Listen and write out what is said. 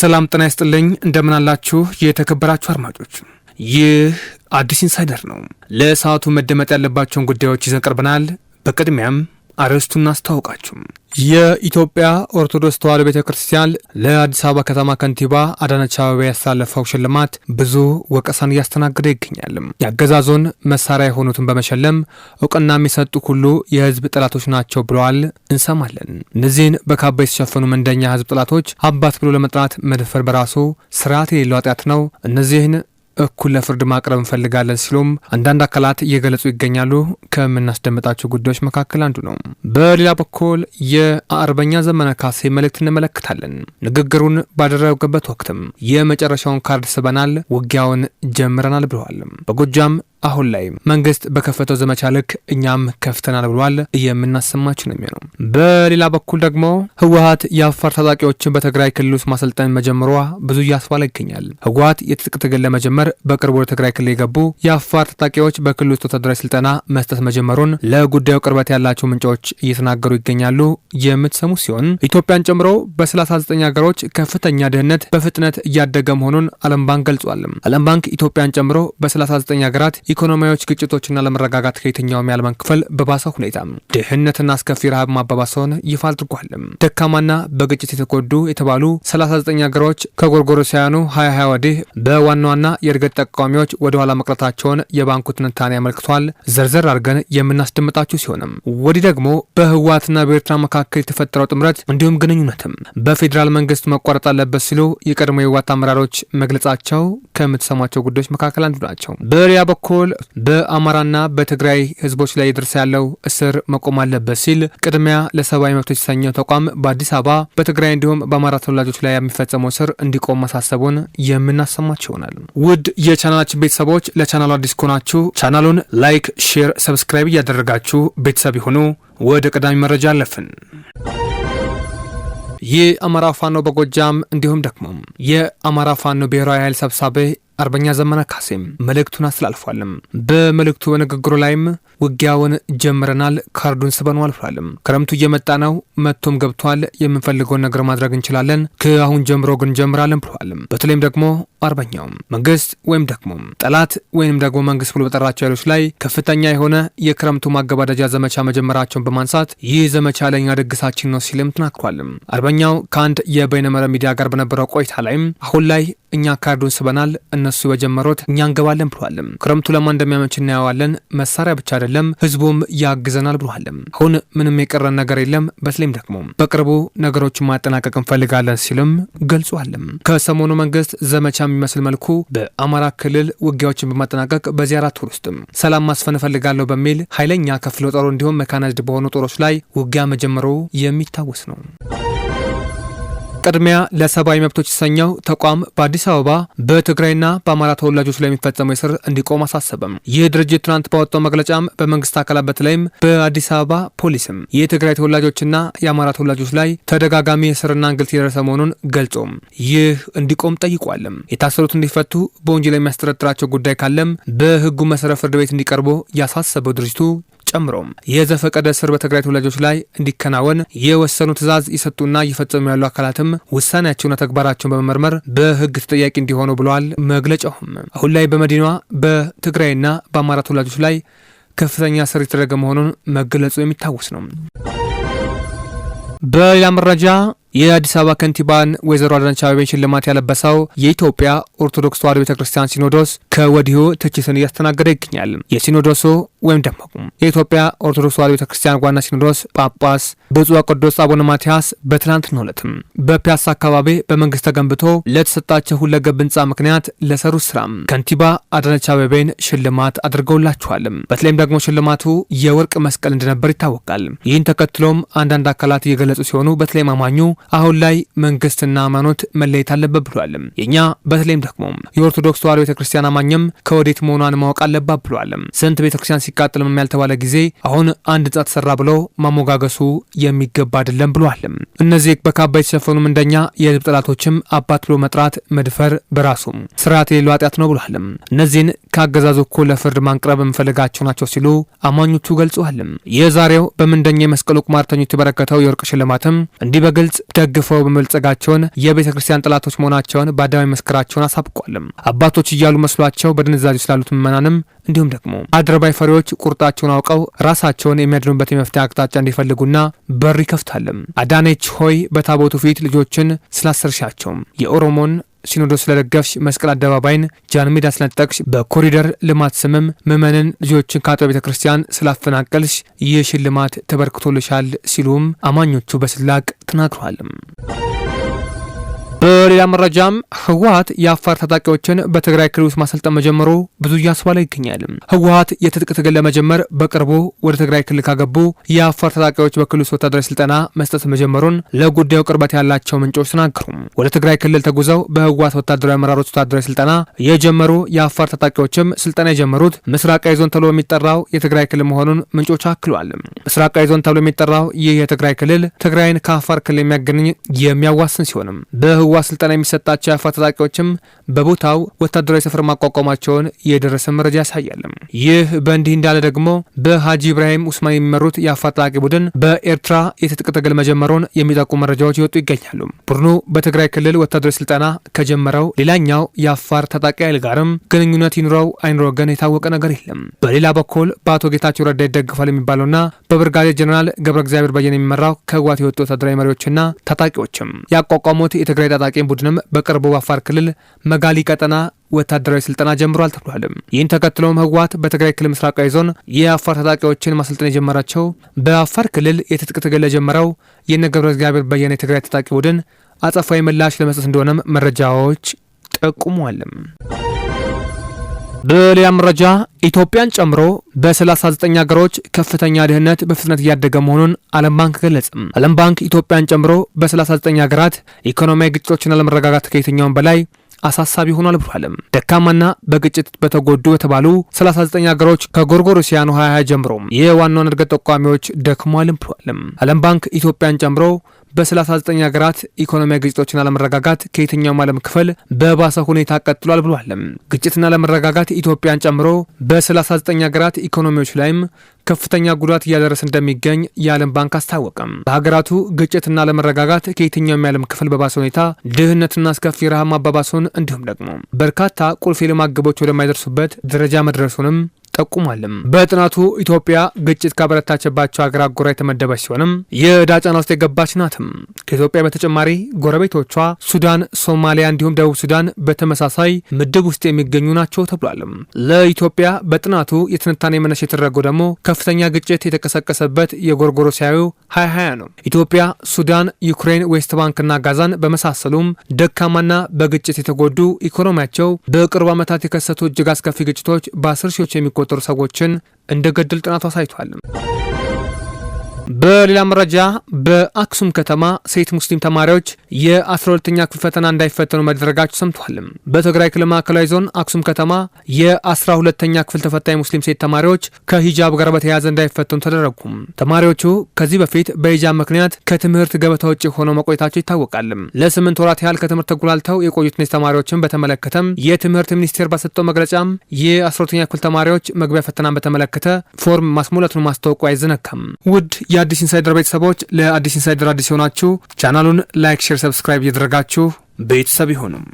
ሰላም ጤና ይስጥልኝ። እንደምን አላችሁ የተከበራችሁ አድማጮች? ይህ አዲስ ኢንሳይደር ነው። ለሰዓቱ መደመጥ ያለባቸውን ጉዳዮች ይዘን ቀርበናል። በቅድሚያም አርዕስቱን እናስታውቃችሁ። የኢትዮጵያ ኦርቶዶክስ ተዋሕዶ ቤተ ክርስቲያን ለአዲስ አበባ ከተማ ከንቲባ አዳነች አቤቤ ያሳለፈው ሽልማት ብዙ ወቀሳን እያስተናገደ ይገኛል። የአገዛዞን መሳሪያ የሆኑትን በመሸለም እውቅና የሚሰጡ ሁሉ የህዝብ ጠላቶች ናቸው ብለዋል። እንሰማለን። እነዚህን በካባ የተሸፈኑ መንደኛ ህዝብ ጠላቶች አባት ብሎ ለመጥራት መድፈር በራሱ ስርዓት የሌለው ኃጢአት ነው። እነዚህን እኩል ለፍርድ ማቅረብ እንፈልጋለን ሲሉም አንዳንድ አካላት እየገለጹ ይገኛሉ። ከምናስደምጣቸው ጉዳዮች መካከል አንዱ ነው። በሌላ በኩል የአርበኛ ዘመነ ካሴ መልእክት እንመለከታለን። ንግግሩን ባደረገበት ወቅትም የመጨረሻውን ካርድ ስበናል፣ ውጊያውን ጀምረናል ብለዋል። በጎጃም አሁን ላይ መንግስት በከፈተው ዘመቻ ልክ እኛም ከፍተናል ብሏል። የምናሰማችሁ ነው የሚሆነው። በሌላ በኩል ደግሞ ህወሀት የአፋር ታጣቂዎችን በትግራይ ክልል ውስጥ ማሰልጠን መጀመሯ ብዙ እያስባለ ይገኛል። ህወሀት የትጥቅ ትግል ለመጀመር በቅርቡ ወደ ትግራይ ክልል የገቡ የአፋር ታጣቂዎች በክልል ውስጥ ወታደራዊ ስልጠና መስጠት መጀመሩን ለጉዳዩ ቅርበት ያላቸው ምንጮች እየተናገሩ ይገኛሉ። የምትሰሙ ሲሆን ኢትዮጵያን ጨምሮ በ39 ሀገሮች ከፍተኛ ድህነት በፍጥነት እያደገ መሆኑን ዓለም ባንክ ገልጿል። ዓለም ባንክ ኢትዮጵያን ጨምሮ በ39 ሀገራት ኢኮኖሚያዊ ግጭቶችና ለመረጋጋት ከየትኛውም የዓለም ክፍል በባሰ ሁኔታ ድህነትና አስከፊ ረሃብ ማባባሰውን ይፋ አድርጓል። ደካማና በግጭት የተጎዱ የተባሉ 39 ሀገሮች ከጎርጎሮሳውያኑ 2020 ወዲህ በዋና ዋና የእድገት ጠቋሚዎች ወደ ኋላ መቅረታቸውን የባንኩ ትንታኔ አመልክቷል። ዘርዘር አድርገን የምናስደምጣችሁ ሲሆንም ወዲህ ደግሞ በህወሓትና በኤርትራ መካከል የተፈጠረው ጥምረት እንዲሁም ግንኙነትም በፌዴራል መንግስት መቋረጥ አለበት ሲሉ የቀድሞ የህወሓት አመራሮች መግለጻቸው ከምትሰሟቸው ጉዳዮች መካከል አንዱ ናቸው። በሪያ በኩል ሲኦል በአማራና በትግራይ ህዝቦች ላይ የደርስ ያለው እስር መቆም አለበት ሲል ቅድሚያ ለሰብአዊ መብቶች የተሰኘው ተቋም በአዲስ አበባ በትግራይ እንዲሁም በአማራ ተወላጆች ላይ የሚፈጸመው እስር እንዲቆም ማሳሰቡን የምናሰማቸው ይሆናል። ውድ የቻናላችን ቤተሰቦች ለቻናሉ አዲስ ከሆናችሁ ቻናሉን ላይክ፣ ሼር፣ ሰብስክራይብ እያደረጋችሁ ቤተሰብ የሆኑ ወደ ቀዳሚ መረጃ አለፍን። አማራ ፋኖ በጎጃም እንዲሁም ደግሞ የአማራ ፋኖ ብሔራዊ ኃይል ሰብሳቢ አርበኛ ዘመነ ካሴም መልእክቱን አስተላልፏልም። በመልእክቱ በንግግሩ ላይም ውጊያውን ጀምረናል፣ ካርዱን ስበኑ አልፏልም። ክረምቱ እየመጣ ነው፣ መጥቶም ገብቷል። የምንፈልገውን ነገር ማድረግ እንችላለን፣ ከአሁን ጀምሮ ግን ጀምራለን ብሏልም። በተለይም ደግሞ አርበኛው መንግስት ወይም ደግሞ ጠላት ወይም ደግሞ መንግስት ብሎ በጠራቸው ኃይሎች ላይ ከፍተኛ የሆነ የክረምቱ ማገባደጃ ዘመቻ መጀመራቸውን በማንሳት ይህ ዘመቻ ለኛ ድግሳችን ነው ሲልም ተናግሯልም። አርበኛው ከአንድ የበይነመረብ ሚዲያ ጋር በነበረው ቆይታ ላይም አሁን ላይ እኛ ካርዱን ስበናል፣ እነሱ በጀመሩት እኛ እንገባለን ብሏልም። ክረምቱ ለማ እንደሚያመች እናየዋለን። መሳሪያ ብቻ አይደለም ህዝቡም ያግዘናል ብሏልም። አሁን ምንም የቀረን ነገር የለም። በተለይም ደግሞ በቅርቡ ነገሮችን ማጠናቀቅ እንፈልጋለን ሲልም ገልጿልም። ከሰሞኑ መንግስት ዘመቻ የሚመስል መልኩ በአማራ ክልል ውጊያዎችን በማጠናቀቅ በዚህ አራት ወር ውስጥም ሰላም ማስፈን እፈልጋለሁ በሚል ኃይለኛ ከፍሎ ጦሩ እንዲሁም መካናጅድ በሆኑ ጦሮች ላይ ውጊያ መጀመሩ የሚታወስ ነው። ቅድሚያ ለሰብአዊ መብቶች የተሰኘው ተቋም በአዲስ አበባ በትግራይና በአማራ ተወላጆች ላይ የሚፈጸመው እስር እንዲቆም አሳሰበም። ይህ ድርጅት ትናንት ባወጣው መግለጫም በመንግስት አካላት በተለይም በአዲስ አበባ ፖሊስም የትግራይ ተወላጆችና የአማራ ተወላጆች ላይ ተደጋጋሚ እስርና እንግልት የደረሰ መሆኑን ገልጾም ይህ እንዲቆም ጠይቋልም። የታሰሩት እንዲፈቱ፣ በወንጀል የሚያስጠረጥራቸው ጉዳይ ካለም በህጉ መሰረት ፍርድ ቤት እንዲቀርቡ ያሳሰበው ድርጅቱ ጨምሮም የዘፈቀደ እስር በትግራይ ተወላጆች ላይ እንዲከናወን የወሰኑ ትዕዛዝ ይሰጡና እየፈጸሙ ያሉ አካላትም ውሳኔያቸውና ተግባራቸውን በመመርመር በህግ ተጠያቂ እንዲሆኑ ብለዋል። መግለጫውም አሁን ላይ በመዲናዋ በትግራይና በአማራ ተወላጆች ላይ ከፍተኛ እስር የተደረገ መሆኑን መገለጹ የሚታወስ ነው። በሌላ መረጃ የአዲስ አበባ ከንቲባን ወይዘሮ አዳነች አቤቤ ሽልማት ያለበሰው የኢትዮጵያ ኦርቶዶክስ ተዋሕዶ ቤተ ክርስቲያን ሲኖዶስ ከወዲሁ ትችትን እያስተናገደ ይገኛል። የሲኖዶሱ ወይም ደግሞ የኢትዮጵያ ኦርቶዶክስ ተዋሕዶ ቤተ ክርስቲያን ዋና ሲኖዶስ ጳጳስ ብፁዕ ወቅዱስ አቡነ ማትያስ በትናንትናው ዕለትም በፒያሳ አካባቢ በመንግስት ተገንብቶ ለተሰጣቸው ሁለገብ ህንፃ ምክንያት ለሰሩት ስራም ከንቲባ አዳነች አቤቤን ሽልማት አድርገውላቸዋል። በተለይም ደግሞ ሽልማቱ የወርቅ መስቀል እንደነበር ይታወቃል። ይህን ተከትሎም አንዳንድ አካላት እየገለጹ ሲሆኑ በተለይም አማኙ። አሁን ላይ መንግስትና ሃይማኖት መለየት አለበት ብሏል። የእኛ በተለይም ደግሞ የኦርቶዶክስ ተዋሕዶ ቤተክርስቲያን አማኝም ከወዴት መሆኗን ማወቅ አለባት ብሏል። ስንት ቤተክርስቲያን ሲቃጠል ያልተባለ ጊዜ አሁን አንድ ህንጻ ተሰራ ብሎ ማሞጋገሱ የሚገባ አይደለም ብሏል። እነዚህ በካባ የተሸፈኑ ምንደኛ የህዝብ ጠላቶችም አባት ብሎ መጥራት መድፈር በራሱ ስርዓት የሌለው ኃጢአት ነው ብሏል። እነዚህን ከአገዛዙ እኮ ለፍርድ ማንቅረብ የምፈልጋቸው ናቸው ሲሉ አማኞቹ ገልጸዋልም። የዛሬው በምንደኛ የመስቀሉ ቁማርተኞች የተበረከተው የወርቅ ሽልማትም እንዲህ በግልጽ ደግፈው በመልጸጋቸውን የቤተ ክርስቲያን ጠላቶች መሆናቸውን በአደባባይ መስከራቸውን አሳብቋልም። አባቶች እያሉ መስሏቸው በድንዛዜ ስላሉት ምዕመናንም እንዲሁም ደግሞ አድረባይ ፈሪዎች ቁርጣቸውን አውቀው ራሳቸውን የሚያድኑበት የመፍትሄ አቅጣጫ እንዲፈልጉና በር ይከፍታልም። አዳነች ሆይ በታቦቱ ፊት ልጆችን ስላሰርሻቸውም የኦሮሞን ሲኖዶስ ስለደገፍሽ መስቀል አደባባይን ጃንሜድ ሜዳ ስለነጠቅሽ በኮሪደር ልማት ስምም ምዕመንን ልጆችን ከአጥቢያ ቤተ ክርስቲያን ስላፈናቀልሽ ይህ ሽልማት ተበርክቶልሻል ሲሉም አማኞቹ በስላቅ ተናግረዋል። በሌላ መረጃም ህወሀት የአፋር ታጣቂዎችን በትግራይ ክልል ውስጥ ማሰልጠን መጀመሩ ብዙ እያስባለ ይገኛል። ህወሀት የትጥቅ ትግል ለመጀመር በቅርቡ ወደ ትግራይ ክልል ካገቡ የአፋር ታጣቂዎች በክልል ውስጥ ወታደራዊ ስልጠና መስጠት መጀመሩን ለጉዳዩ ቅርበት ያላቸው ምንጮች ተናገሩ። ወደ ትግራይ ክልል ተጉዘው በህወሀት ወታደራዊ አመራሮች ወታደራዊ ስልጠና የጀመሩ የአፋር ታጣቂዎችም ስልጠና የጀመሩት ምስራቃዊ ዞን ተብሎ የሚጠራው የትግራይ ክልል መሆኑን ምንጮች አክሏል። ምስራቃዊ ዞን ተብሎ የሚጠራው ይህ የትግራይ ክልል ትግራይን ከአፋር ክልል የሚያገናኝ የሚያዋስን ሲሆንም የጽዋ ስልጠና የሚሰጣቸው የአፋር ታጣቂዎችም በቦታው ወታደራዊ ሰፈር ማቋቋማቸውን የደረሰ መረጃ ያሳያል። ይህ በእንዲህ እንዳለ ደግሞ በሀጂ ኢብራሂም ኡስማን የሚመሩት የአፋ ታጣቂ ቡድን በኤርትራ የትጥቅ ትግል መጀመሩን መረጃዎች ይወጡ ይገኛሉ። ቡድኑ በትግራይ ክልል ወታደራዊ ስልጠና ከጀመረው ሌላኛው የአፋር ታጣቂ ኃይል ጋርም ግንኙነት ይኑረው አይኑረው ግን የታወቀ ነገር የለም። በሌላ በኩል በአቶ ጌታቸው ረዳ ይደግፋል የሚባለውና በብርጋዴር ጀኔራል ገብረ እግዚአብሔር በየነ የሚመራው ከህወሓት የወጡ ወታደራዊ መሪዎችና ታጣቂዎችም ያቋቋሙት የትግራይ ታጣቂ ቡድንም በቅርቡ በአፋር ክልል መጋሊ ቀጠና ወታደራዊ ስልጠና ጀምሯል ተብሏል። ይህን ተከትሎም ህወሓት በትግራይ ክልል ምስራቃዊ ዞን የአፋር ታጣቂዎችን ማሰልጠን የጀመራቸው በአፋር ክልል የትጥቅ ትግል የጀመረው የነገብረ እግዚአብሔር በየነ የትግራይ ታጣቂ ቡድን አጸፋዊ ምላሽ ለመስጠት እንደሆነም መረጃዎች ጠቁሟልም። በሌላ መረጃ ኢትዮጵያን ጨምሮ በ39 ሀገሮች ከፍተኛ ድህነት በፍጥነት እያደገ መሆኑን ዓለም ባንክ ገለጽም። ዓለም ባንክ ኢትዮጵያን ጨምሮ በ39 ሀገራት ኢኮኖሚያዊ ግጭቶችና አለመረጋጋት ከየትኛውም በላይ አሳሳቢ ሆኗል ብሏልም። ደካማና በግጭት በተጎዱ በተባሉ 39 ሀገሮች ከጎርጎሮሲያኑ 2020 ጀምሮ የዋናውን እድገት ጠቋሚዎች ደክሟልም ብሏልም። ዓለም ባንክ ኢትዮጵያን ጨምሮ በ39 ሀገራት ኢኮኖሚያዊ ግጭቶችና አለመረጋጋት ከየትኛውም ዓለም ክፍል በባሰ ሁኔታ ቀጥሏል ብሏል። ግጭትና አለመረጋጋት ኢትዮጵያን ጨምሮ በ39 ሀገራት ኢኮኖሚዎች ላይም ከፍተኛ ጉዳት እያደረሰ እንደሚገኝ የዓለም ባንክ አስታወቀም። በሀገራቱ ግጭትና አለመረጋጋት ከየትኛውም የዓለም ክፍል በባሰ ሁኔታ ድህነትና አስከፊ ረሃብ ማባባሱን እንዲሁም ደግሞ በርካታ ቁልፍ የልማት ግቦች ወደማይደርሱበት ደረጃ መድረሱንም ጠቁሟልም። በጥናቱ ኢትዮጵያ ግጭት ካበረታችባቸው ሀገራት ጎራ የተመደበች ሲሆንም የዕዳ ጫና ውስጥ የገባች ናትም። ከኢትዮጵያ በተጨማሪ ጎረቤቶቿ ሱዳን፣ ሶማሊያ እንዲሁም ደቡብ ሱዳን በተመሳሳይ ምድብ ውስጥ የሚገኙ ናቸው ተብሏልም። ለኢትዮጵያ በጥናቱ የትንታኔ መነሻ የተደረገው ደግሞ ከፍተኛ ግጭት የተቀሰቀሰበት የጎርጎሮሳዊ 2020 ነው። ኢትዮጵያ፣ ሱዳን፣ ዩክሬን፣ ዌስት ባንክና ጋዛን በመሳሰሉም ደካማና በግጭት የተጎዱ ኢኮኖሚያቸው በቅርብ ዓመታት የከሰቱ እጅግ አስከፊ ግጭቶች በአስር ሺዎች የሚቆጠ የሚቆጠሩ ሰዎችን እንደ ገድል ጥናቱ አሳይቷል። በሌላ መረጃ በአክሱም ከተማ ሴት ሙስሊም ተማሪዎች የ12ተኛ ክፍል ፈተና እንዳይፈተኑ መደረጋቸው ሰምቷል። በትግራይ ክልል ማዕከላዊ ዞን አክሱም ከተማ የ12ተኛ ክፍል ተፈታኝ ሙስሊም ሴት ተማሪዎች ከሂጃብ ጋር በተያያዘ እንዳይፈተኑ ተደረጉ። ተማሪዎቹ ከዚህ በፊት በሂጃብ ምክንያት ከትምህርት ገበታ ውጭ ሆነው መቆየታቸው ይታወቃል። ለስምንት ወራት ያህል ከትምህርት ተጉላልተው የቆዩት እነዚህ ተማሪዎችን በተመለከተም የትምህርት ሚኒስቴር ባሰጠው መግለጫም የ12ተኛ ክፍል ተማሪዎች መግቢያ ፈተናን በተመለከተ ፎርም ማስሞላቱን ማስታወቁ አይዘነካም። ውድ የአዲስ ኢንሳይደር ቤተሰቦች ለአዲስ ኢንሳይደር አዲስ የሆናችሁ ቻናሉን ላይክ፣ ሼር፣ ሰብስክራይብ እያደረጋችሁ ቤተሰብ ይሆኑም።